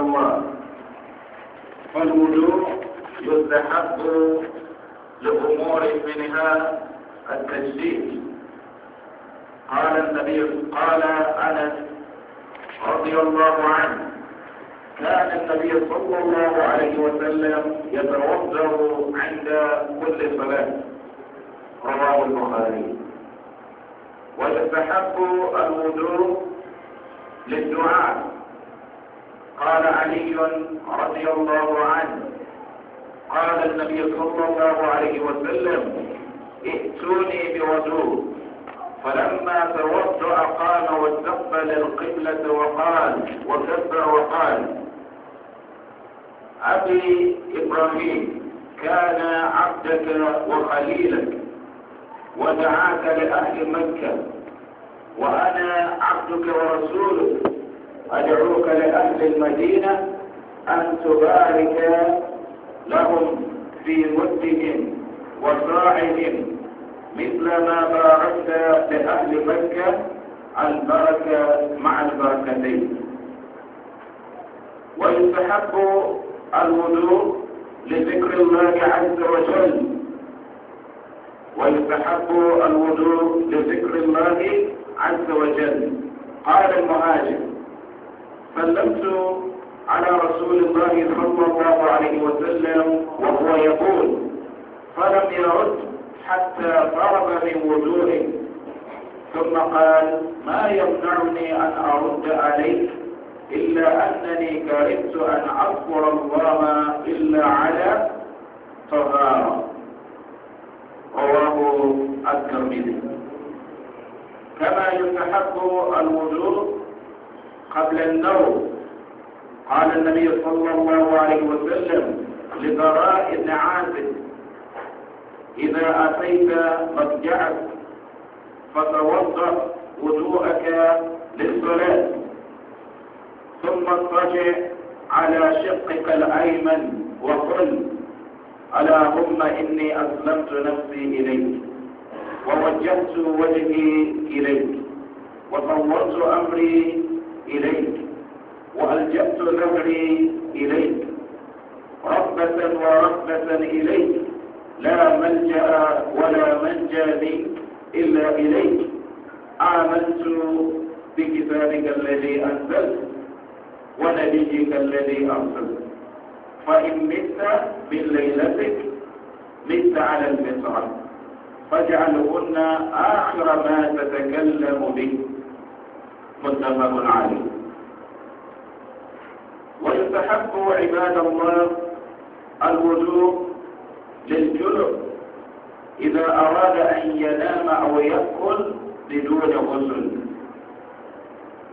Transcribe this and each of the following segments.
الله فالوضوء يستحب لأمور منها التجديد قال النبي قال أنس رضي الله عنه كان النبي صلى الله عليه وسلم يتوضأ عند كل صلاة رواه البخاري ويستحب الوضوء للدعاء قال علي رضي الله عنه قال النبي صلى الله عليه وسلم ائتوني بوجوه فلما توضأ قام واستقبل القبلة وقال وكبر وقال أبي إبراهيم كان عبدك وخليلك ودعاك لأهل مكة وأنا عبدك ورسولك أدعوك لأهل المدينة أن تبارك لهم في مدهم وصاعهم مثل ما باركت لأهل مكة البركة مع البركتين ويستحق الوضوء لذكر الله عز وجل ويستحق الوضوء لذكر الله عز وجل قال المهاجر سلمت على رسول الله صلى الله عليه وسلم وهو يقول فلم يرد حتى فرغ من وجوهه ثم قال ما يمنعني أن أرد عليك إلا أنني كرهت أن أذكر الله إلا على طهارة رواه الترمذي كما يستحق الوجود قبل النوم قال النبي صلى الله عليه وسلم لبراء بن عازب إذا أتيت مضجعك فتوضأ وضوءك للصلاة ثم اضطجع على شقك الأيمن وقل اللهم إني أسلمت نفسي إليك ووجهت وجهي إليك وصورت أمري إليك وألجأت نفعي إليك رغبة ورهبة إليك لا ملجأ ولا منجا لي إلا إليك آمنت بكتابك الذي أنزلت ونبيك الذي أرسلت فإن مت من ليلتك مت على المصعد فاجعلهن آخر ما تتكلم به متفق عليه ويستحق عباد الله الوضوء للجنب إذا أراد أن ينام أو يأكل بدون غسل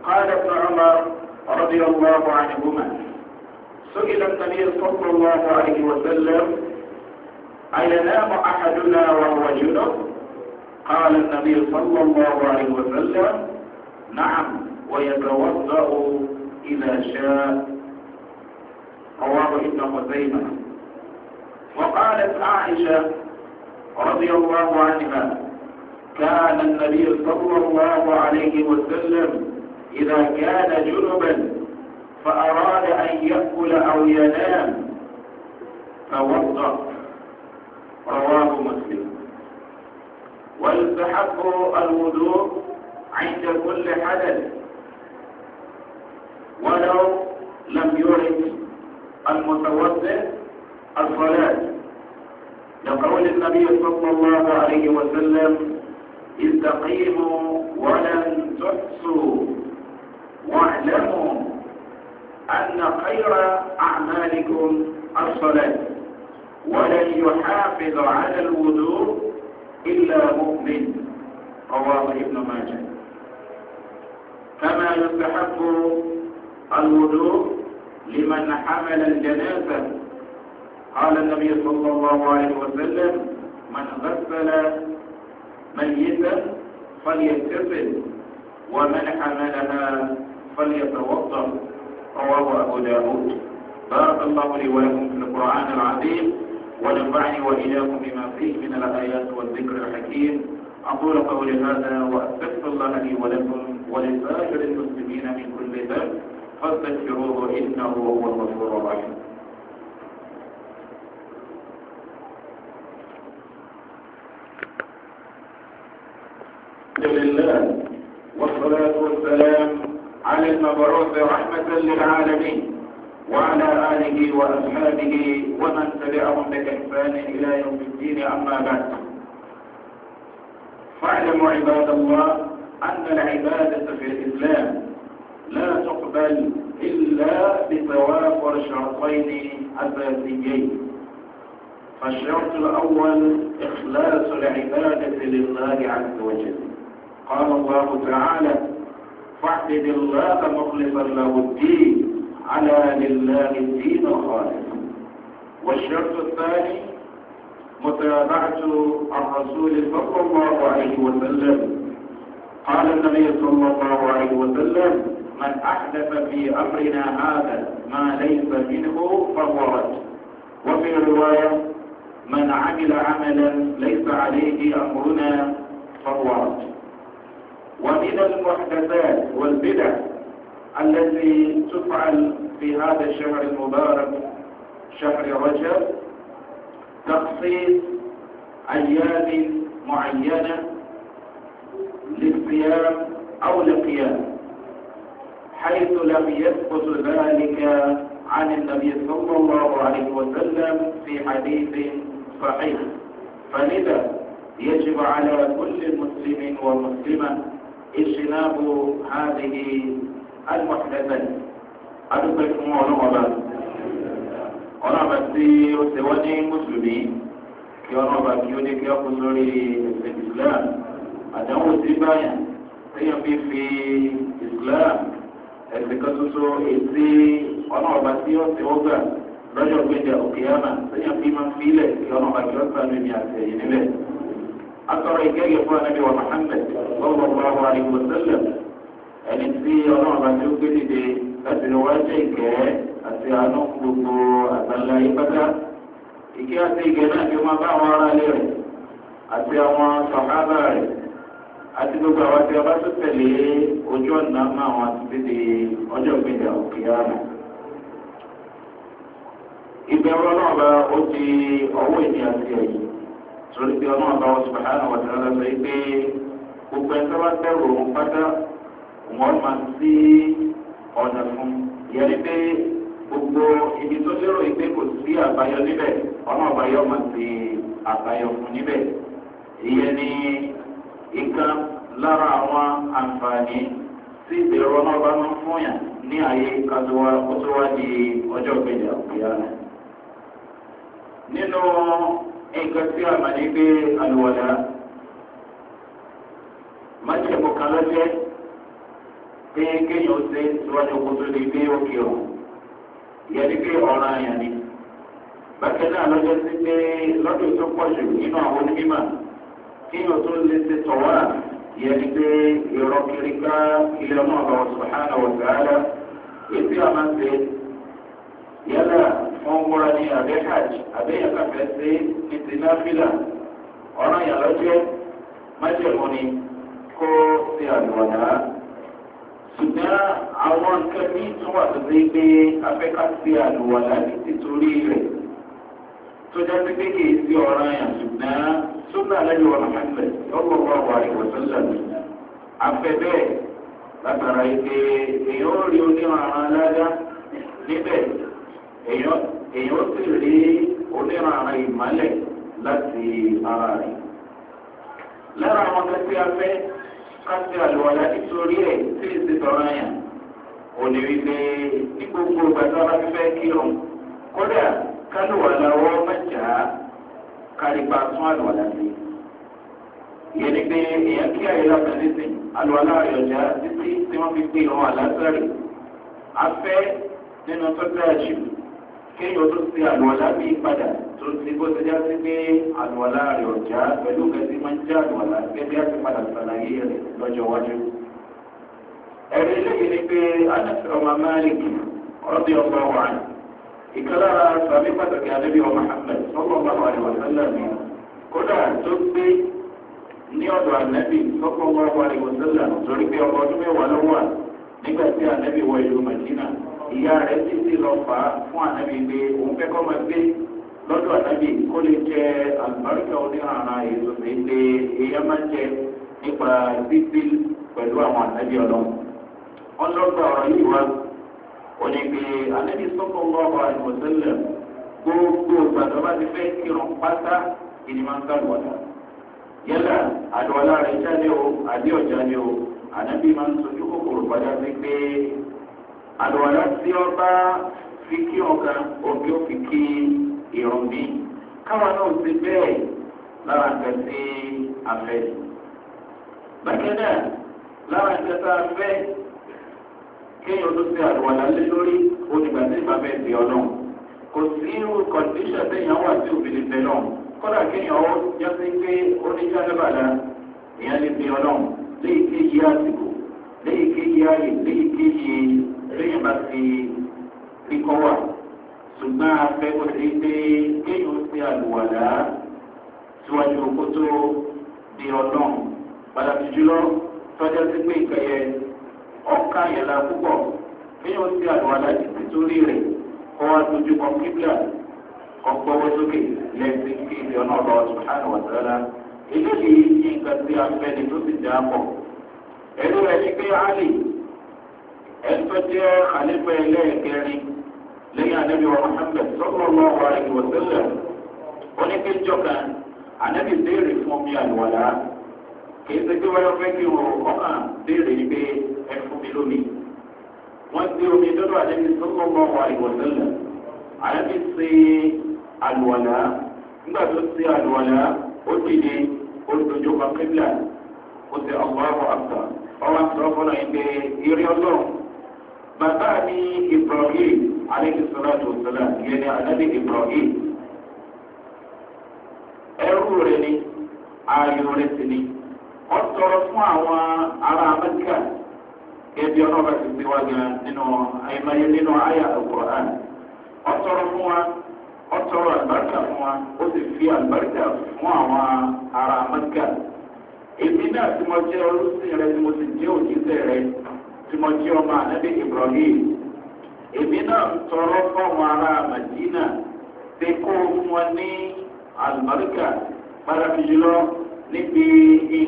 قال ابن عمر رضي الله عنهما سئل النبي صلى الله عليه وسلم أينام أحدنا وهو جنب قال النبي صلى الله عليه وسلم نعم ويتوضأ إذا شاء رواه ابن خزيمة وقالت عائشة رضي الله عنها كان النبي صلى الله عليه وسلم إذا كان جنبا فأراد أن يأكل أو ينام توضأ رواه مسلم والتحق الوضوء عند كل حدث ولو لم يرد المتوضئ الصلاة لقول النبي صلى الله عليه وسلم استقيموا ولن تحصوا واعلموا أن خير أعمالكم الصلاة ولن يحافظ على الوضوء إلا مؤمن رواه ابن ماجه كما يستحق الوضوء لمن حمل الجنازة قال النبي صلى الله عليه وسلم من غسل ميتا فليغتسل ومن حملها فليتوضا رواه ابو داود بارك الله لي ولكم في القران العظيم ونفعني واياكم بما فيه من الايات والذكر الحكيم اقول قولي هذا واستغفر الله لي ولكم ولسائر المسلمين من كل ذنب فاستغفروه إنه هو الغفور الرحيم الحمد لله والصلاة والسلام على المبعوث رحمة للعالمين وعلى آله وأصحابه ومن تبعهم بإحسان إلى يوم الدين أما بعد فاعلموا عباد الله أن العبادة في الإسلام لا تقبل إلا بتوافر شرطين أساسيين فالشرط الأول إخلاص العبادة لله عز وجل قال الله تعالى فاعبد الله مخلصا له الدين على لله الدين الخالص والشرط الثاني متابعة الرسول صلى الله عليه وسلم قال النبي صلى الله عليه وسلم من أحدث في أمرنا هذا ما ليس منه فهو رد وفي رواية من عمل عملا ليس عليه أمرنا فهو رد ومن المحدثات والبدع التي تفعل في هذا الشهر المبارك شهر رجب تخصيص أيام معينة للصيام أو للقيام حيث لم يثبت ذلك عن النبي صلى الله عليه وسلم في حديث صحيح فلذا يجب على كل مسلم ومسلمة اجتناب هذه المحدثات adúpẹ́ ونعمة ونعمة ọlọ́mọba المسلمين ó ṣe wọ́n ní mùsùlùmí في الإسلام àdánwò sí báyà téèyàn fi fi islam ẹ̀sìn kan tuntun èsì ọ̀nà ọ̀bà tí ó ti ọgbà lọ́jọ́ gbẹ̀dẹ̀ òkèèyàn téèyàn fi máa fi ilẹ̀ kí ọ̀nà ọ̀bà kí ó sànú ìmì àtẹ̀yìn nílẹ̀. akọ̀rọ̀ ìkẹ́yẹ̀ fún anabi wa muhammed lọ́wọ́ ọ̀pọ̀lọpọ̀ àríwọ̀ sẹ́lẹ̀ ẹni tí ọ̀nà ọ̀bà tí ó gbé dìde láti lọ wá jẹ́ ìkẹ́ àti àánú gbogbo àgbàlá yìí pátá ìkẹ́ àti ìkẹ́ náà fi máa bá àwọn ará ilé rẹ̀ àti àwọn sàkábà rẹ̀ àti gbogbo àwọn tí a bá tó tẹ̀lé ojú ọ̀nà máa wọn àti tètè ọjọ́ ìgbìndà òkè ààrùn. ìbẹ̀rù ọlọ́ọ̀bá ó ti ọwọ́ ìní àti ẹ̀yìn torí pé ọlọ́ọ̀bá wọn sùpà hánà wà tẹ̀lé lọ́sọ yìí pé gbogbo ẹni tó bá tẹ̀rù òun pátá wọ́n máa sí ọ̀nà fún yẹni pé gbogbo ibi tó lérò yìí pé kò sí àbáyọ níbẹ̀ ọlọ́ọ̀bá yóò máa sí àbáyọ fún níbẹ̀ ìyẹn ni ìkan lára àwọn àǹfààní tí ìbẹ̀rù ọmọ bá máa ń fún yàn ní ààyè kàtúwà kó di ọjọ́ ìgbèjà òkúyà rẹ̀. nínú nǹkan tí a máa ní gbé àlùwàdà májèmú kan lọ́jẹ́ pé kéèyàn ṣe síwájú kó tó di gbé òkè ọ̀hún ìyẹn ni pé ọ̀ràn àyàn ni. bákẹ́ náà lọ́jọ́ sí pé lọ́dún tó pọ̀ jù nínú àwọn onímọ̀ kéèyàn tó lè ṣe tọ̀wá yẹn ni pé ìrọ̀ kiri ká ilé ọmọ ọ̀gá ọ̀sùnmọ́nà ọ̀gáàlá èsì àmàṣe yálà wọn wúra ní abẹ́ hajj abẹ́yẹ kàfẹ́ sí títí náfìlà ọ̀ràn yàrá jẹ́ májèmú ni kó ṣe àgbọ̀nà ṣùgbọ́n àwọn nǹkan ní ìtumọ̀ tó ṣe pé afẹ́ká ṣe àlùwàlá ní títorí rẹ̀ tó jẹ́ pé kéèké sí ọ̀ràn yàn ṣùgbọ́n súnà lẹ́yìn wọn àmàlẹ́ lọ́wọ́ wọn wà ìwọ̀sọ́lá mi. afẹ́ bẹ́ẹ̀ látara ike èèyàn ó rí onírànà ládá níbẹ̀ èèyàn ó sì rí onírànà ìmálẹ̀ láti ara rẹ̀. lára àwọn kẹsí afẹ́ kásí àlùwàlá nítorí ẹ̀ tí ì ti tọ̀rọ̀ yàn òní wípé ní gbogbo gbàtà bá fẹ́ kírun kódà kálùwàlá wọ́n mẹ́jà á kárípa tún àlùwàlá sí. ìyẹn ni pé èèyàn kí àyè lábẹ́ nísìn àlùwàlá àyọ̀já títí tí wọ́n fi pé ìrún àlásàrì. afẹ́ nínú tó dáa jù kéèyàn tó ti àlùwàlá mi padà tó ti bó ti já sí pé àlùwàlá àyọ̀já pẹ̀lú kẹsí máa ń já àlùwàlá gẹ́gẹ́ àti padà sàlàyé rẹ̀ lọ́jọ́ iwájú. ẹ̀rí lẹ́yìn ni pé anásọ̀rọ̀ mamalik ọ̀rọ̀ bí ọgbà wà ní ìkọlára sàmì pàtàkì àdébí ọmọ ahmed sọlọ bàbá àdìwà sẹlẹ mi kódà tó gbé ní ọ̀dọ̀ ànẹ́bí sọ́kọ́ wá wà ní wọ́sẹ́là torí pé ọmọ ọdún mẹ́wàá ló wà nígbà tí ànẹ́bí wọ ìlú màdínà ìyá rẹ̀ sì ti lọ fà á fún ànẹ́bí pé òun fẹ́ kọ́ máa gbé lọ́dọ̀ ànẹ́bí kó lè jẹ àlùbáríkà onírànà èso sí pé èyá máa jẹ nípa gbígbé pẹ̀lú àwọn ànẹ́bí ọlọ́run. wọ́n ọ̀rọ̀ yìí wá onígbé anabi sọ́kọ̀ lọ́wọ́ àlùmọ̀sẹ́lẹ̀ gbogbo gbàdúrà ti fẹ́ kírun pátá ìdìmọ̀ nkàlùwàlà yálà àdùwàlà rẹ̀ jáde o àbí ọ̀já ni o anabi máa ń sojú kòkòrò padà sí pé àdùwàlà tí ọba fi kí ọ̀kan òbí ó fi kí ìrùn mi káwọn náà ti bẹ́ẹ̀ lára nǹkan tí a fẹ́. bákan náà lára nǹkan tá a kéèyàn tó ṣe àlùwàlà lé lórí onígbà tí ìbáfẹ́ ti ọlọ́run kò sí irú kọ̀ǹdíṣà téèyàn wà tí òbí lè fẹ́ náà kódà kéèyàn ó yọ sí pé ó ní jálábàlá ìyẹn lè fi ọlọ́run léyìí kéyìí àsìkò léyìí kéyìí ààyè léyìí kéyìí léyìn bá ti rí kọ́ wà ṣùgbọ́n afẹ́ kò sí pé kéèyàn ṣe àlùwàlà síwájú kó di ọlọ́run padà jùlọ tọ́jà sí pé ìkẹyẹ ọ̀ka yẹ̀lá púpọ̀ kéèyàn ti àlùwàlá nítorí rẹ̀ kọ́ wá dojú kọ kíbla kọ́ gbọ́wọ́ sókè lẹ́sìn kí ilé ọ̀nà ọ̀rọ̀ ṣùgbọ́n wàtálá eléyìí ní nǹkan tí a fẹ́ ni tó sì dá pọ̀ ẹ̀rú rẹ̀ ní pé ali ẹ̀tọ́ jẹ́ àlefẹ́ ẹlẹ́ẹ̀kẹrin lẹ́yìn anabi wa muhammed sọ́kọ̀ọ́lọ́ wa ìwọ̀sẹ̀lẹ̀ oníkéjọ́ kan anabi béèrè fún mi àlùwàlá. kì í ṣe pé wọ́n fẹ́ kí wọn ọmọ béèrè pé ẹ fún mi lómi. wọ́n ti omi dọ́dọ̀ àdébí sọ́kọ̀ bọ̀ wà ìwọ̀sẹ̀lẹ̀ àdébí ṣe àlùwàlà nígbà tó ṣe àlùwàlà ó dìde olùdójú kan kébìlà ó ọgbọ́n àgbà àtúrọ̀ fọlọ́ yìí ọtọrọ fún àwọn ará amẹ́ríkà ebi ọlọ́ba ti gbé wá gan nínú àyèmáyé nínú àyà ọ̀kọ̀ọ̀án ọtọrọ fún wa ọtọrọ àlùbáríkà fún wa ó sì fi àlùbáríkà fún àwọn ará amẹ́ríkà èmi náà tí mo jẹ́ olùsìn rẹ tí mo sì jẹ́ òjíṣẹ́ rẹ tí mo jẹ́ ọmọ ibrahim èmi náà ń tọrọ ará pé kó fún níbi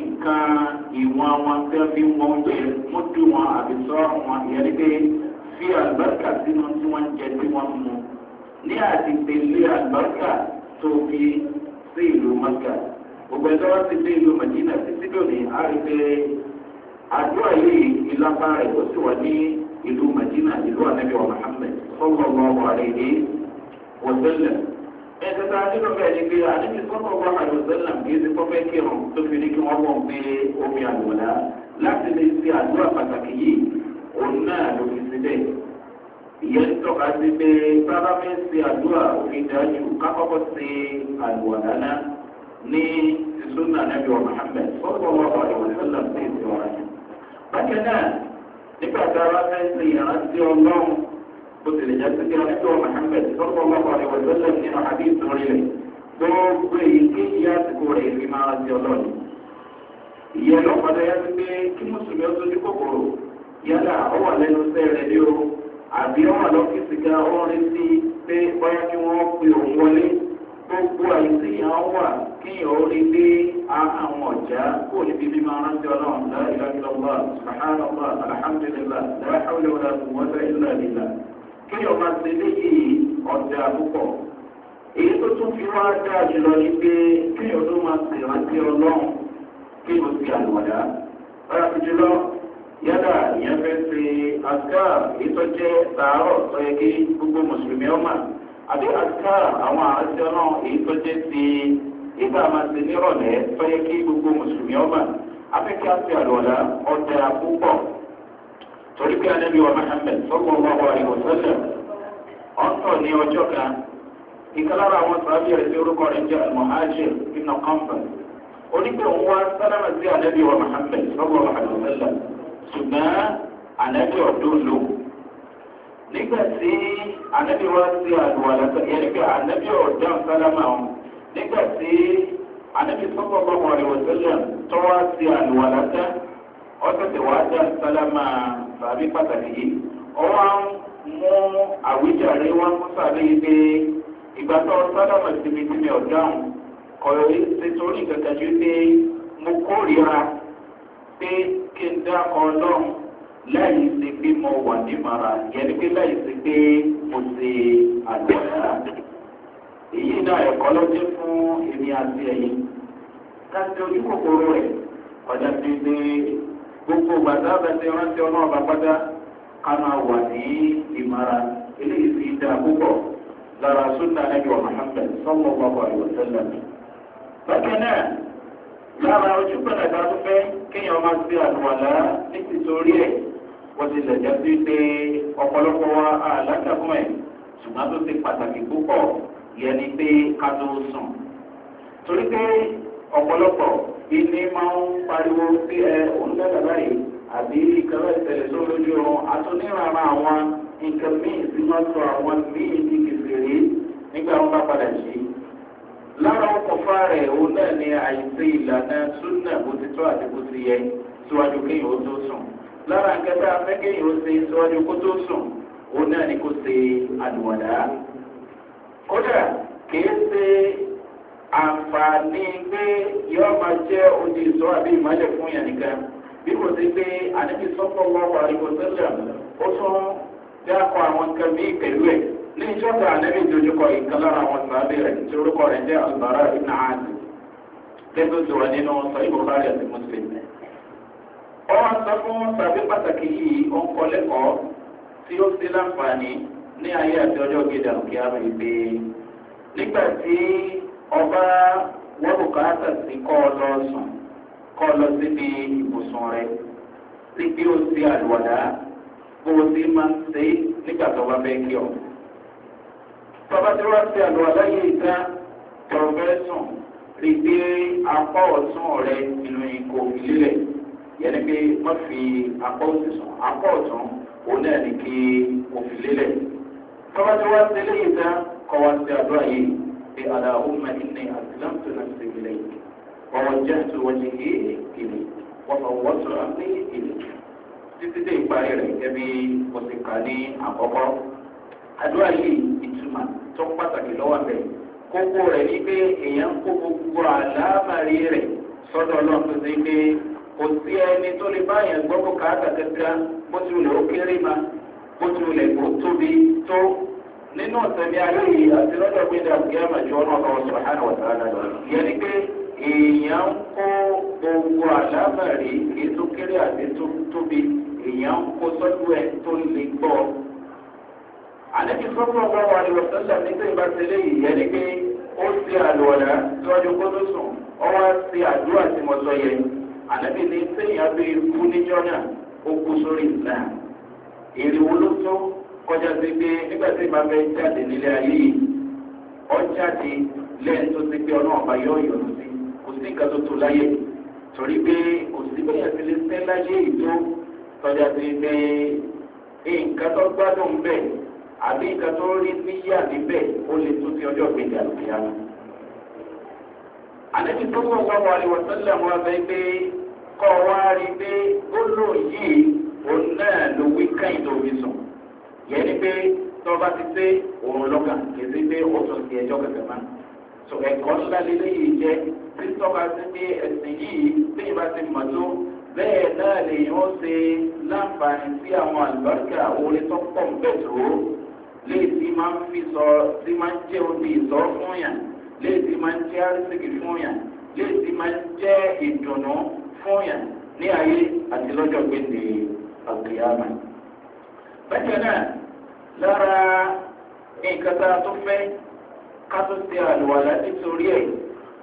nǹkan ìwọ̀n wọn tí wọ́n fi ń wọ́n jẹ mójú wọn àbí sọ́ọ̀rọ̀ wọn ìyẹn pé fi àlùbáríkà sínú tí wọ́n ń jẹ tí wọ́n mú ní àdìpẹ̀lẹ̀ àlùbáríkà tó fi sí ìlú mọ́kà gbogbo ẹ̀dá wá sí dé ìlú mẹ́dínà sí sídòní àríkẹ́ àdúrà yìí ìlápá rẹ̀ ó sì wà ní ìlú mẹ́dínà ìlú ànábìwọ̀n mohammed sọ́kọ̀ọ́ ẹsẹ̀ tá a nílò bẹ́ẹ̀ ni pé àdébí sọ́nà ọba àlùsọ́nà kìí ti kọ́fẹ́ kírun tó fi ní kí wọ́n mọ̀ pé omi àlùwọ̀lá láti lè ṣe àdúrà pàtàkì yìí òun náà ló fi sílẹ̀. ìyẹn tọ́ka sí pé sábà fẹ́ ṣe àdúrà òfin dájú kákọ́kọ́ ṣe àlùwọ̀lá náà ní ìsúná nàbí wa muhammed sọ́nà ọba àlùsọ́nà kìí ti wọ́n rẹ̀. bákan náà nígbà tá a bá fẹ́ ṣe ìrántí ọlọ́run bótilẹ̀ jẹ́ pé kíra tó Muhammad lọ́pọ̀ lọ́pọ̀ àríwá ìgbésẹ̀ nínú àbí ìtòrí rẹ̀ gbogbo èyí kí ìyá àsìkò rẹ̀ fi máa di ọlọ́ọ̀ni. ìyẹn lọ́pàá yá sí pé kí mùsùlùmí ọtún ní kòkòrò yálà ó wà lẹ́nu iṣẹ́ rẹ̀ ní o àbí ó wà lọ́fíìsì ga ó rí sí pé bóyá kí wọ́n pe òun wọlé gbogbo àìsí ìyá wà kí ìyàwó rí dé àwọn ọ̀já kó níbi bí máa rántí ọlọ́run ọlọ́run subhanallah kéèyàn máa ṣe léyìí ọ̀dà púpọ̀ èyí tó tún fi wá dáa jùlọ ni pé kéèyàn tó máa ṣe ìrántí ọlọ́run kéèyàn ti àlùwàdá rárá fi jùlọ yálà ìyẹn fẹ́ ṣe àṣkà èyí tó jẹ́ sàárọ̀ tó yẹ kí gbogbo mùsùlùmí ọmọ àbí àṣkà àwọn àṣẹ náà èyí tó jẹ́ ti ìgbà máa ṣe nírọ̀lẹ́ tó yẹ kí gbogbo mùsùlùmí ọmọ afẹ́kẹ́ àti àlùwàdá ọ̀dà púpọ̀ torí pé anábì wa muhammed sọ́kùn wà wà ìwòsànlẹ̀ ọ̀tọ̀ ní ọjọ́ kan ìkálára àwọn sàbí rẹ̀ sí orúkọ rẹ̀ jẹ́ almuhajir ibn kọ́mpẹ̀ onígbà òun wá sálámà sí anábì wa muhammed sọ́kùn wà ìwòsànlẹ̀ ṣùgbọ́n anábì ọ̀dọ́ ló nígbà tí anábì wa sí àlùwàlà yẹn pé anábì ọ̀dọ́ sálámà wọn nígbà tí anábì sọ́kùn wà ìwòsànlẹ̀ tọ́wá sí àlùwàlà tán ọ̀sẹ̀ tẹ̀wá dá sálámà sàbí pàtàkì yìí ọwọ́ à ń mú àwíjàre wọn fún sàbí yìí pé ìgbà tó sádàmù síbi tí mi ò dáhùn kọ̀ọ̀rọ̀ yìí ti torí kankan ju pé mo kórìíra pé kí n dá ọlọ́run láì ṣe pé mo wà ní mara yẹn ni pé láì ṣe pé mo ṣe àgbọ̀nà èyí náà ẹ̀kọ́ ló jẹ́ fún èmi àti ẹ̀yìn ká ṣe ojú kòkòrò rẹ̀ ọjà ti ṣe gbogbo gbàdá bẹsẹ rántí ọlọ́run bá pátá ká máa wà ní ìmara eléyìí fi dáa púpọ̀ lára súnà ẹni wà mahammed sọmọ bàbá àlùfẹlẹ. bákan náà lára ojú pẹ̀lẹ́ bá tó fẹ́ kéèyàn máa ṣe àlùwàlá ní tìtorí ẹ̀ wọ́n ti lẹ̀ jẹ́ sí pé ọ̀pọ̀lọpọ̀ wa àlákàkùn ẹ̀ ṣùgbọ́n tó ti pàtàkì púpọ̀ yẹn ni pé ká tó sùn. torí pé ọ̀pọ̀lọpọ̀ ìní máa ń pariwo sí ẹ onídàgbà báyìí àbí ìkàwé ìṣẹ̀lẹ̀ tó lójú wọn àtúnírànà àwọn nǹkan míì sí máa sọ àwọn míì ti kìfìrí nígbà wọn bá padà jí. lára ọkọ̀fà rẹ̀ òun náà ni àìsí ìlànà súnà bó ti tọ́ àti bó ti yẹ síwájú kéèyàn ó tó sùn. lára nkẹta afẹ́ ó ṣe síwájú kó tó sùn òun náà ni kó ṣe àlùwàdá. kódà kìí ṣe àǹfààní pé yóò máa jẹ́ odi ìṣọ́ àbí ìmọ̀lẹ̀ fún yàn nìkan bí kò sí pé àníbi sọ́kọ̀ lọ́wọ́ àríwọ̀ sẹ́lẹ̀ ó tún dákọ̀ àwọn nǹkan bí pẹ̀lú ẹ̀ ní ìjọba àníbi ìdojúkọ ìkan lára àwọn sàábì rẹ̀ tí orúkọ rẹ̀ jẹ́ àlùbárà ibn àádì lẹ́gbẹ̀ẹ́ tó wà nínú sọ ìbùkárì àti mùsùlùmí. ọwọ́n sọ fún sàbí pàtàkì yìí ó ń kọ́ lẹ́kọ̀ọ́ tí ó sí láǹfààní ní ayé àti ọjọ́ gidi àlùkí àrùn ìgbé nígbà tí ọba wọ́n bùkátà sí kọ́ ọ lọ sùn kọ́ ọ lọ síbi ìbùsùn rẹ̀ sí bí ó ti àlùwàdá bó o ti máa ń ṣe nígbà tó bá fẹ́ kí ọ. tọ́ba tí wọ́n ti àlùwàdá yìí tán tọ̀rọ̀ fẹ́ sùn rí i pé apá ọ̀tún rẹ inú ikọ̀ ìlílẹ̀ yẹn pé wọ́n fi apá òsì sùn apá ọ̀tún òun náà ní kí òfin lélẹ̀. tọ́ba tí wọ́n ti léyìí tán kọ́ wá sí àdúrà yìí. اللهم إني أسلمت نفسي إليك ووجهت وجهي إليك وفوضت أمري إليك títí dé ìparí rẹ̀ gẹ́bí o ní àkọ́kọ́ àdúrà yìí tó pàtàkì lọ́wọ́ bẹ̀ kókó rẹ̀ ní pé èèyàn kó gbogbo àlámàrí rẹ̀ sọ́dọ̀ tó ṣe pé kò sí ẹni tó lè bá yẹn gbọ́ kó bó ti ó kéré ma bó ti kó tóbi tó nínú ọ̀sẹ̀lẹ̀ ayé yìí àti lọ́dọ̀ pé dàgbé àmàjọ náà lọ sọ hàn wọ̀tá náà yẹni pé èèyàn ń kó gbogbo àlámẹ̀rí èyí tó kéré àti tó tóbi èèyàn ń kó sọ́jú ẹ̀ tó lè gbọ́. àlejò sọ́kùn ọgbà wà ní ọ̀sẹ̀lẹ̀ nígbà ìbá tẹ̀lé yìí yẹni pé ó ṣe àlùwàlà síwájú kó sùn ọ wá ṣe àdúrà tí mo kọjá sí pé nígbà tí màá fẹ́ jáde nílé ayé yìí ọ jáde lẹ́yìn tó ti pé ọlọ́run bá yọ ìyọ̀nù sí kò sí nǹkan tó tó láyè torí pé kò sí bẹ́yà sí lè sẹ́ láyé ìtó tọ́já sí pé nǹkan tó gbádùn bẹ́ẹ̀ àbí nǹkan tó rí níyà níbẹ̀ ó lè tún sí ọjọ́ ìgbéga ìgbéga. àlejò tó wọ́n wá wàlẹ̀ wọ́sọ́lẹ̀ wọn fẹ́ pé kọ́ wa rí pé ó lò yìí òun náà ló wí káyìn tó sùn yẹn ni pé tọ́ba ti pé òun lọ́gà kìí sí pé ó tún ti ẹjọ́ kẹsẹ̀ máa sọ ẹ̀kọ́ ńlá lélẹ́yìí jẹ́ tí tọ́ba ti pé ẹ̀sìn yìí tí ìbá ti mọ̀ tó bẹ́ẹ̀ náà lèyìn ó ṣe láǹfààní sí àwọn àlùbáríkà orí tó pọ̀ bẹ́ẹ̀ tó léè tí máa ń fi sọ tí máa ń jẹ́ odi ìsọ́ fún yàn léè tí máa ń jẹ́ àrísìkì fún yàn léè tí máa ń jẹ́ ìdùnnú fún yàn ní ayé àti lọ́jọ́ gbèsè àgbéyàmẹ́ bákan náà lára nǹkan tá a tún fẹ́ ká tó ṣe àlùwàlá nítorí ẹ̀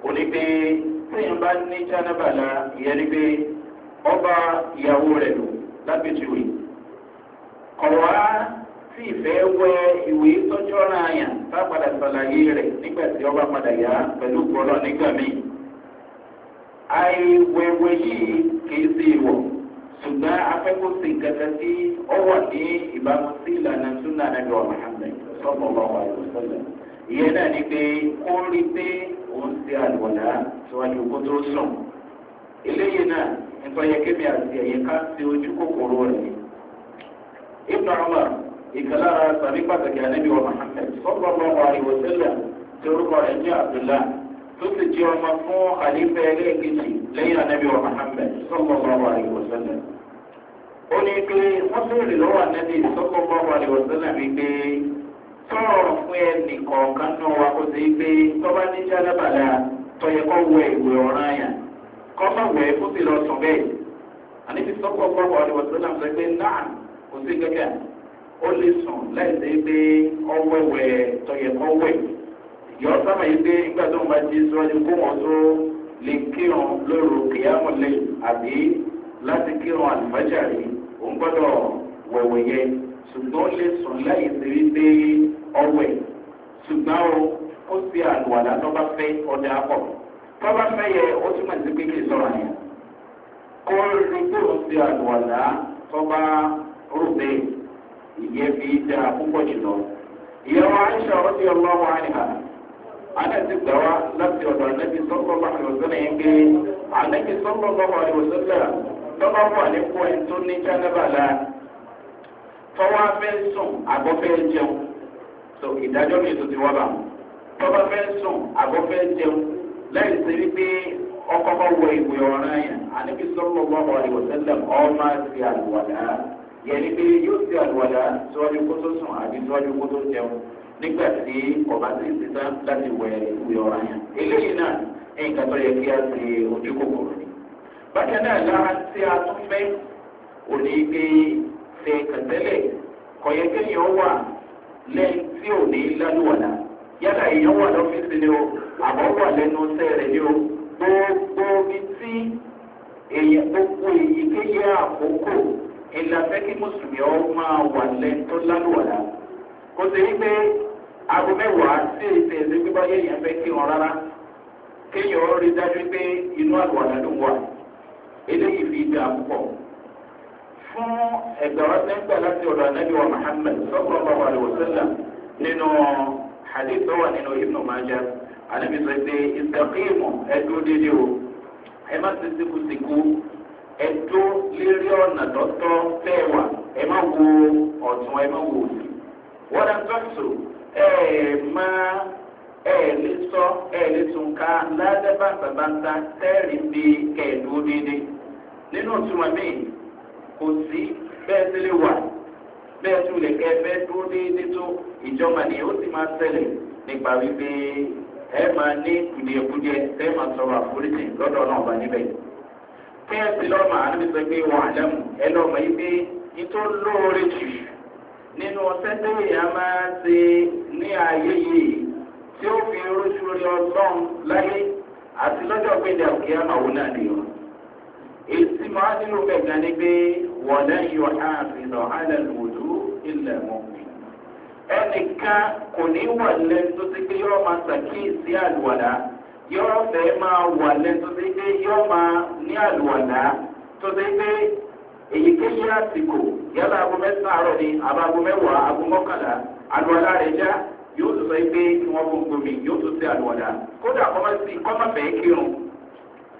kò ní pé téèyàn bá ní jánábà lára ìyẹn ni pé ọba ìyàwó rẹ̀ lò lápẹ̀tùwé ọ̀rọ̀ á sì fẹ́ wẹ ìwé tọ́jú ọ̀ràn àyàn bá padà sàlàyé rẹ̀ nígbà tí ọba padà yá pẹ̀lú gbọ́dọ̀ nígbà míì àìwẹ̀wẹ̀ yìí kì í sí ìwọ̀ ṣùgbọ́n afẹ́kọ̀ sí gẹ́gẹ́ tí ó wà ní ìbámu sí ìlànà súnà nàbí wa muhammed sọ́kọ̀ bá wà lọ sọ́lẹ̀. ìyẹn náà ni pé kó rí pé òun ṣe àlùwàlá síwájú kó tó sùn. eléyìí náà nípa yẹ kémi àti ẹ̀yẹ ká ṣe ojú kòkòrò rẹ̀. ibnu umar ìkàlára sàbí pàtàkì ànábì wà lọ sọ́lẹ̀ tí abdullah tó sì jẹ́ ọmọ fún àlífẹ́ ẹlẹ́ẹ̀kejì lẹ́yìn ànábì wa muhammed sọ́kọ̀ bá wà lọ ó ní pé wọ́n béèrè lọ́wọ́ ànábì sọ́kọ́ bọ́ọ̀bù àlèwọ̀sánà mi pé tọ́ọ̀rọ̀ fún ẹ nìkan kan náà wà kó sí pé tọ́ba ní jálábàlá tọ́yẹ kọ́ wọ ìwé ọ̀ràn àyà kọ́ bá wẹ̀ kó sì lọ sùn bẹ́ẹ̀ ànábì sọ́kọ́ bọ́ọ̀bù àlèwọ̀sánà sọ pé náà kò sí kẹ́kẹ́ ó lè sùn láì sí pé ọwẹ́wẹ́ tọ́yẹ kọ́ wẹ̀ yọ sábà yìí pé nígbà tó ń bá jí síwájú láti kírun àlùfájà rí òun gbọ́dọ̀ wẹ̀wẹ̀ yẹn ṣùgbọ́n lè sùn láyè sí wípé ọwẹ̀ ṣùgbọ́n o ó ti àlùwàlà tó bá fẹ́ ọdẹ akọ tó bá fẹ́ yẹ ó túmọ̀ sí pé kì í sọ̀rọ̀ yẹn kó rí pé ó tó bá rò ìyẹn fi púpọ̀ ìyàwó aisha ọ̀rọ̀dì ọlọ́wọ́ àyà gbà wá láti ọ̀dọ̀ sọ́kọ́ yẹn gbé tọ́ba wà nípò ẹ̀ tó ní jánábà lára tọ́wọ́ fẹ́ sùn àgọ́ fẹ́ jẹun tó ìdájọ́ mi tó ti wá bà tọ́ba fẹ́ sùn àgọ́ fẹ́ jẹun lẹ́yìn sí wípé ọkọ̀ bá wọ ìwé ọ̀ràn yẹn àníbi sọ́kọ̀ bá wà ìwọ̀ sẹ́lẹ̀ ọmọ ti àlùwàlá yẹn ni pé yóò ti àlùwàlá síwájú kó tó sùn àbí síwájú kó tó jẹun nígbà tí ọba ti ti tán láti wẹ ìwé ọ̀ràn yẹn eléyìí náà nǹkan tó yẹ kí á ti ojú kòkòrò bákan náà lára tí a tún fẹ́ òní gbé fẹ́ kẹtẹ́lẹ̀ kọ̀yẹ́ kéèyàn wà lẹ́yìn tí ò ní lálùwàlà yálà èèyàn wà lọ́fíìsì ni o àmọ́ wà lẹ́nu iṣẹ́ rẹ̀ ni o gbogbo ibi tí èèyàn gbogbo èyí kéye àkókò ìlà fẹ́ kí mùsùlùmí ọ máa wà lẹ́yìn tó lálùwàlà kò sí wípé aago mẹ́wàá sí èsì ẹ̀sìn gbígbáyé èèyàn fẹ́ kí wọn rárá kéèyàn rí dájú pé inú àlùwàlà ló wà eléyìí fi dà púpọ̀ fún ẹgbẹ̀rún sẹ́ńtẹ̀ láti ọ̀dọ̀ anábì wa muhammed sọ́kọ̀ ọba wa alẹ́wọ̀sẹ́là nínú hadith tó wà nínú ibnu maja anábì sọ pé ìsèkìmù ẹdún dídí o ẹ má ti sìnkú sìnkú ẹdún lérí ọ̀nà dọ́tọ́ tẹ́wà ẹ má wo ọ̀tún ẹ má wo òsì wọ́n dá tọ́tù ẹ máa ẹ lè sọ ẹ lè tún ká ládẹ́bàtàbàtà tẹ́rì dídí. nínú ìtumọ̀ míì kò sí bẹ́ẹ̀ tí lè wà bẹ́ẹ̀ tí lè kẹ́ bẹ́ẹ̀ dúró déédéé tó ìjọba ni ó sì máa ṣẹlẹ̀ nípa wípé ẹ máa ní kùdìẹ̀kùdìẹ̀ tẹ́ máa sọ̀rọ̀ àforíjì lọ́dọ̀ náà wà níbẹ̀. kẹ́ẹ̀sì lọ́mọ àdébísẹ́ pé wọ́n àlẹ́mù ẹ lọ́mọ yìí pé ìtò lóore jù nínú ọ̀sẹ̀ máa ṣe ní ayé yìí tí ó fi oríṣiríṣi ọlọ́run láyé ìfọ̀ á nínú kẹ̀kẹ́ ni pé wọ̀lẹ́ yọ àfihàn alẹ́ lòdù ilẹ̀ mọ̀mí. ẹnìkan kò ní wà lẹ́nu tó ti yọ́ máa sàkíyèsí àlùwàlá yọ́ fẹ́ máa wà lẹ́nu tó ti yọ́ máa ní àlùwàlá tó ti pé èyíkéyìí àsìkò yálà aago mẹ́sàn-án àárọ̀ ni àbá aago mẹ́wàá aago mọ́kànlá àlùwàlá rẹ̀ já yóò sọ pé kí wọ́n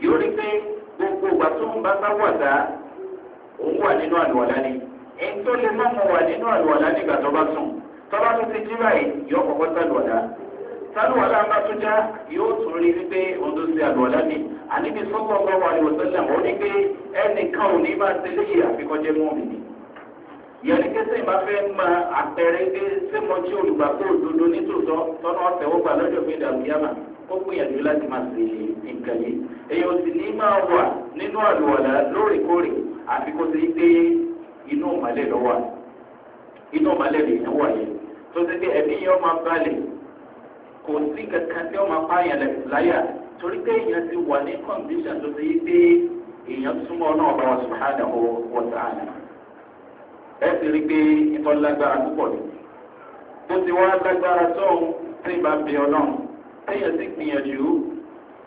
yóò gbogbo ìgbà tó ń bá sáwọ̀dá òun wà nínú àlùwàlá ni ẹni tó lè má mọ̀ wà nínú àlùwàlá nígbà tó bá sùn tọ́lá tó ti jí báyìí yóò kọ́kọ́ sálùwàlá sálùwàlá bá tó já yóò tún rí wípé òun tó ṣe àlùwàlá ni àníbi sọ́kọ̀ ọ̀gá wà ní òṣèlú ó ní pé ẹnìkan ò ní máa tẹ́lẹ̀ yìí àfikọ́jẹ́ mọ́ mi ni yẹni kẹsẹ̀ ìbá fẹ́ ma àpẹẹrẹ pé sẹ́mọ́tì olùgbàgbọ́ òdodo nítòótọ́ tọ́nà ọ̀sẹ̀ ó gbà lọ́jọ́ gbé dàrú yàmà ó gbìyànjú láti máa ṣe nǹkan yìí èyí ò sì ní máa wà nínú àlùwàlà lóòrèkóòrè àfi kó ṣe pé inú ìmọ̀lẹ́ lọ wà inú ìmọ̀lẹ́ lè yẹn wà yẹn tó ṣe pé ẹ̀mí yẹn máa balẹ̀ kò sí kankan tí ó máa pààyàn láyà torí pé èèyàn ti wà ní kọ́ndíṣàn tó ṣe pé èèyàn súnmọ́ náà bá wà sùhánà wọ̀tá àná ẹ sì rí pé ìtọ́lágbára púpọ̀ ni bó ti wá lágbára sóhun tí ì bá bí ọ náà téèyàn sì gbìyànjú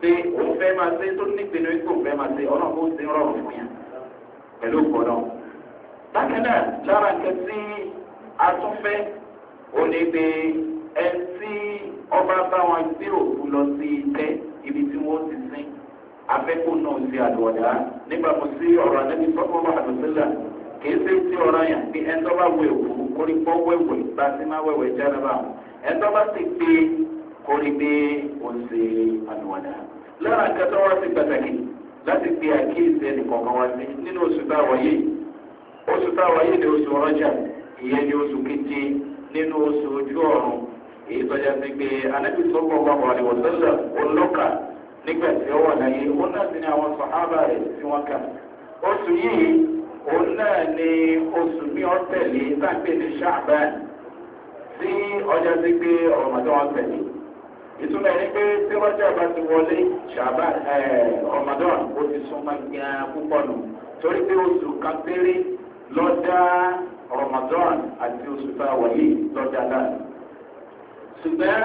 pé òun fẹ́ máa ṣe tó nípinnu ikú òun fẹ́ máa ṣe ọ̀nà kó ṣe rọrùn fún yàn pẹ̀lú gbọ́dọ̀. bákan náà lára nǹkan tí a tún fẹ́ òun ni pé ẹni tí ọba bá wọn gbé òkú lọ sí ilé ibi tí wọ́n ti sìn afẹ́kù náà ti àlùwọ̀dá nígbà mo sí ọ̀rọ̀ àdébí sọ́kọ́lọ́ àdùsílà kìí ṣe ti ọ̀rọ̀ yàn pé ẹ̀ńtọ́ bá wẹ̀ òkú kórí pọ́ wẹ̀wẹ̀ bá sí wẹ̀wẹ̀ jẹ́rẹ̀bà ẹ̀ńtọ́ bá sì pé kó rí pé ó ń ṣe àlùwàdà. lára nǹkan tó wá sí pàtàkì láti pe àkíyèsí ẹnìkọ̀ọ̀kan wá sí nínú oṣù táwọn yìí oṣù táwọn yìí ni oṣù ọ̀rọ̀jà ìyẹn ni oṣù keje nínú oṣù ojú ọ̀run èyí tọ́jà sí pé anábì sọ́kọ̀ ọ̀pọ̀ àlèwọ̀sọ́lá olóka nígbà tí ó wà láyé òun náà sì ni àwọn sọ̀hábà rẹ̀ tí wọ́n kà. oṣù yìí òun náà ni oṣù mi ọ̀tẹ̀lé sáńpẹ̀ ní ṣáàbán tí ọjà sí pé ọ̀rọ̀mọdé wọn tẹ̀lé. ìtumọ̀ ẹni pé tí rọ́jà ti wọlé ṣàbá ọmọdún ó ti súnmọ́ gan púpọ̀ nù torí pé oṣù kan péré lọ́jà ọmọdún àti oṣù tá a wọlé lọ́jà náà. ṣùgbọ́n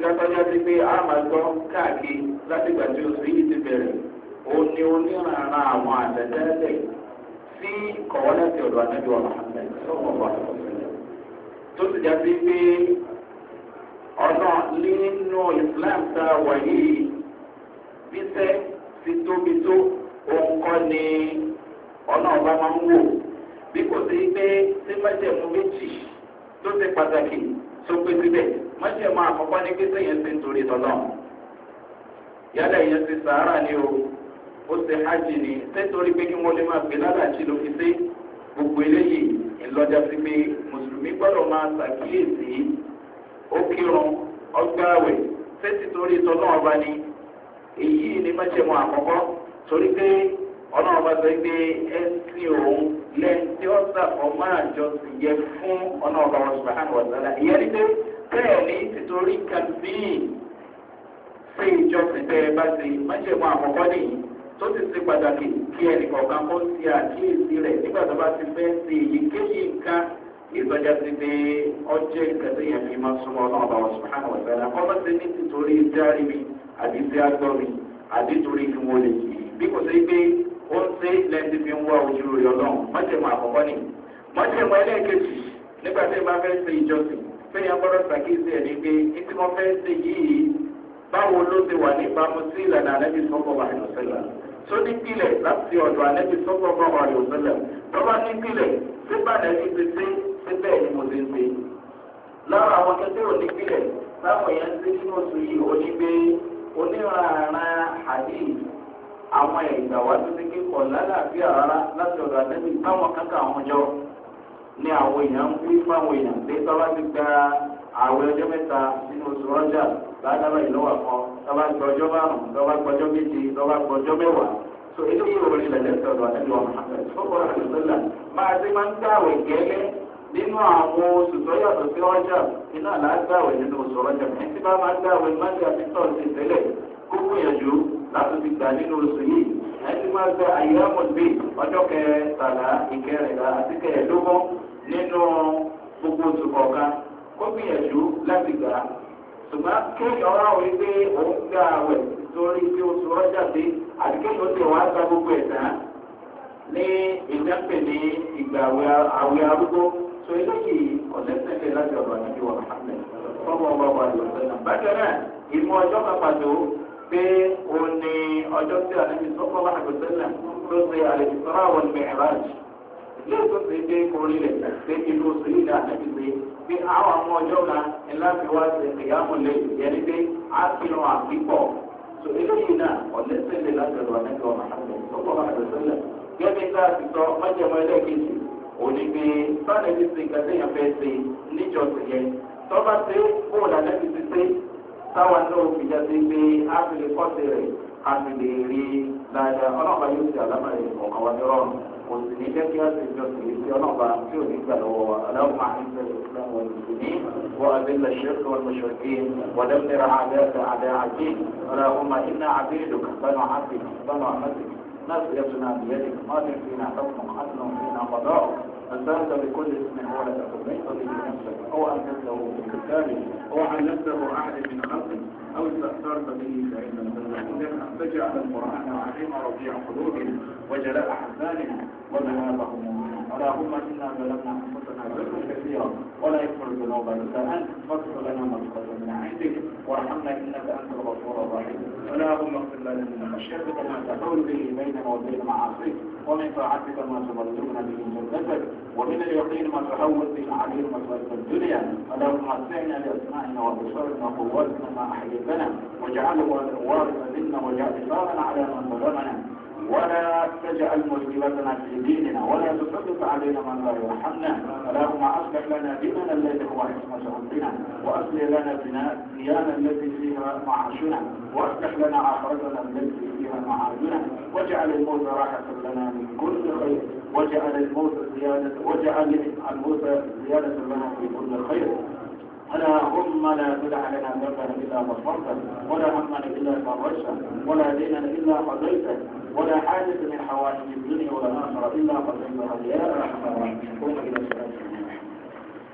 nǹkan ti pé a máa gbọ́ káàkiri látìgbà tí oṣù yìí ti bẹ̀rẹ̀ ó ní oníranra àwọn àtẹ̀tẹ̀lẹ̀ sí ọ̀dọ̀ ọ̀nà nínú islam tá a wà yìí bísẹ́ ti ni ọ̀nà ọba máa ń wò bí kò sí pé tí májẹ̀mú méjì tó ti pàtàkì tó pé síbẹ̀ májẹ̀mú àkọ́kọ́ ní pé sẹ́yìn ti ń torí tọ́lọ́ yálà ìyẹn ti sàárà ni o ó ṣe hajj ni sẹ́tọ́rí pé kí wọ́n lè máa gbé ló fi gbogbo eléyìí sí pé mùsùlùmí ó kírun ọgbàwẹ̀ torí ọba ni èyí ni mẹ́tẹ̀mọ́ torí pé ọ̀nà ọba sọ pé ẹ̀sìn òun lẹ́yìn tí ó sì yẹ fún ọ̀nà ọba wọn àwọn ọ̀sán ìyẹn ni pé bẹ́ẹ̀ ni tìtorí kàbíyìn ṣe ìjọsìn bẹ́ẹ̀ bá ṣe nìyí tó ti ṣe pàtàkì kí ẹnì kọ̀ọ̀kan kó ṣe àkíyèsí rẹ̀ nígbà tó ti fẹ́ ṣe èyíkéyìí nǹkan ìtọ́jà sí pé ọjọ́ ìkẹtẹ́ yẹn fi máa súnmọ́ ọlọ́run bá wọn sùnmọ́ àwọn ìfẹ́ náà kọ́mọ́ sí ní tìtorí tí a rí mi àbí tí a gbọ́ mi àbí torí kí wọ́n lè kí bí kò sí pé ó ń ṣe lẹ́ńtì fi ń wá ojú rẹ̀ ọlọ́run mọ́tẹ̀mọ́ àkọ́kọ́ ni mọ́tẹ̀mọ́ ẹlẹ́ẹ̀kejì nígbà tí ìbá fẹ́ ṣe ìjọsìn fẹ́yìn agbọ́dọ̀ ṣàkíyèsí ẹ̀ ní pé ibi wọ́n fẹ́ ṣe yìí báwo ló ti wà níbàámu sí ìlànà àlẹ́bí sọ́kọ̀ wà nínú sẹ́lẹ̀ tó nípìnlẹ̀ láti ọ̀dọ̀ àlẹ́bí sọ́kọ̀ wà nínú sẹ́lẹ̀ tó bá nípìnlẹ̀ sípàdé ibi sí síbẹ̀ ni mo ti ń ṣe. lára àwọn kẹsẹ́ òní gbilẹ̀ táwọn èèyàn ń ṣe nínú oṣù yìí ó ní pé onírànà àdì àwọn ìgbà wá tó ti kíkọ lálàáfíà rárá láti ọ̀dọ̀ àtẹ́bí táwọn kankan àwọn jọ ni àwọn èèyàn ń wí fáwọn èèyàn pé sábà ti gba àwọn ọjọ́ mẹ́ta nínú oṣù rọ́jà ládàbà ìlọ́wà kan sábà gbọ́jọ́ márùn-ún sábà gbọ́jọ́ méje sábà gbọ́jọ́ mẹ́wàá so eléyìí ò rí lẹ́lẹ́sọ̀rọ̀ àtẹ́bí wọn àfẹ́ fọ́kọ̀ọ́ àdìsọ́là máa ti máa ń gbàwẹ̀ gẹ́lẹ́ nínú àwọn oṣù tó yàtọ̀ sí ọjà iná làágbàwẹ̀ nínú oṣù ọjà ẹni tí bá máa ń gbàwẹ̀ májè àti tọ́sí tẹ́lẹ̀ kó gbìyànjú láti fi gbà nínú oṣù yìí ẹni tí máa gbà àyẹ̀wòdì ọjọ́ kẹtàlá ìkẹrìnlá àti kẹẹ̀ẹ́dógún nínú gbogbo oṣù kọ̀ọ̀kan kó gbìyànjú láti gbà á ṣùgbọ́n kéèyàn wá wí pé òun gbàwẹ̀ torí pé oṣù ọjà dé àti ní ìjẹ́pẹ̀ ní ìgbà àwẹ̀ arúgbó sọ eléyìí ọ̀lẹ́sẹ̀kẹ́ láti ọ̀dọ̀ àti ìwà mohammed fọwọ́ ọba wa lọ sẹ́nà. bákan náà ìmọ̀ ọjọ́ kan pàtó pé o ní ọjọ́ tí àlejò sọ́kọ́ wà lọ sẹ́nà tó ṣe àlejò sọ́rọ́ àwọn mẹ́rẹ́j lẹ́tọ́ sí pé orí rẹ̀ pé ìlú oṣù yìí dá àlejò pé pé àwọn àwọn ọjọ́ kan ńlá fi wá sí ìyáàmù lẹ́yìn yẹn ni pé á fi hàn àpípọ̀ sọ eléyìí náà ọ̀lẹ́sẹ̀kẹ́ láti ọ̀dọ̀ àti ìwà mohammed sọ́kọ́ wà lọ sẹ́nà gẹ́gẹ́ bí onígbé sọ́ọ̀nẹ́bí ṣe nǹkan téèyàn fẹ́ ṣe níjọsìn yẹn tọ́ba ṣe bóòlù àlẹ́bí ti ṣe táwa náà fi jáde pé a fi lè kọ́sì rẹ̀ a fi lè rí dáadáa ọlọ́ọ̀bá yóò ṣe àlámà rẹ̀ ọ̀kan wa ní rọrùn kò sì ní jẹ́ kí a ṣe ìjọsìn yìí sí ọlọ́ọ̀bá tí ò ní gbà lọ́wọ́ wa aláwọ̀ máa ń bẹ̀rẹ̀ ìsìlámù والمسلمين وأذل الشرك والمشركين ودمر أعداءك أعداء الدين اللهم إنا عبيدك بنو عبدك بنو عبدك نصيبنا بيدك ماضي فينا حكم عدل فينا قضاء أسألت بكل اسم هو لك سميت به نفسك أو علمته في أو علمته أحد من خلقك أو استأثرت به فإن المنزل أن القرآن العظيم ربيع قلوبهم وجلاء أحزانهم وذهاب اللهم إنا ظلمنا أنفسنا ظلما كثيرا ولا يكفر ذنوبا إلا أنت فاغفر لنا مغفرة وارحمنا إنك أنت الغفور الرحيم اللهم اغفر لنا من خشيتك ما تحول به بيننا وبين معاصيك ومن طاعتك ما تبلغنا به جنتك ومن اليقين ما تحول به علينا مصائب الدنيا اللهم متعنا لأسمائنا وأبصارنا وقواتنا ما أحييتنا واجعله وارثا منا واجعل ثارا على من ظلمنا ولا تجعل مشكلتنا في ديننا ولا تسلط علينا من لا يرحمنا اللهم اصلح لنا ديننا الذي هو عصمه ربنا واصلح لنا ديانا التي فيها معاشنا واصلح لنا اخرتنا التي فيها معادنا واجعل الموت راحه لنا من كل خير واجعل الموت زياده واجعل الموت زياده لنا في كل خير اللهم لا تدع لنا ذنبا إلا غفرته ولا هما إلا فرجته ولا دينا إلا قضيته ولا حادث من حوادث الدنيا ولا الآخرة إلا قد علمها الياء رحمه الله إلى سؤال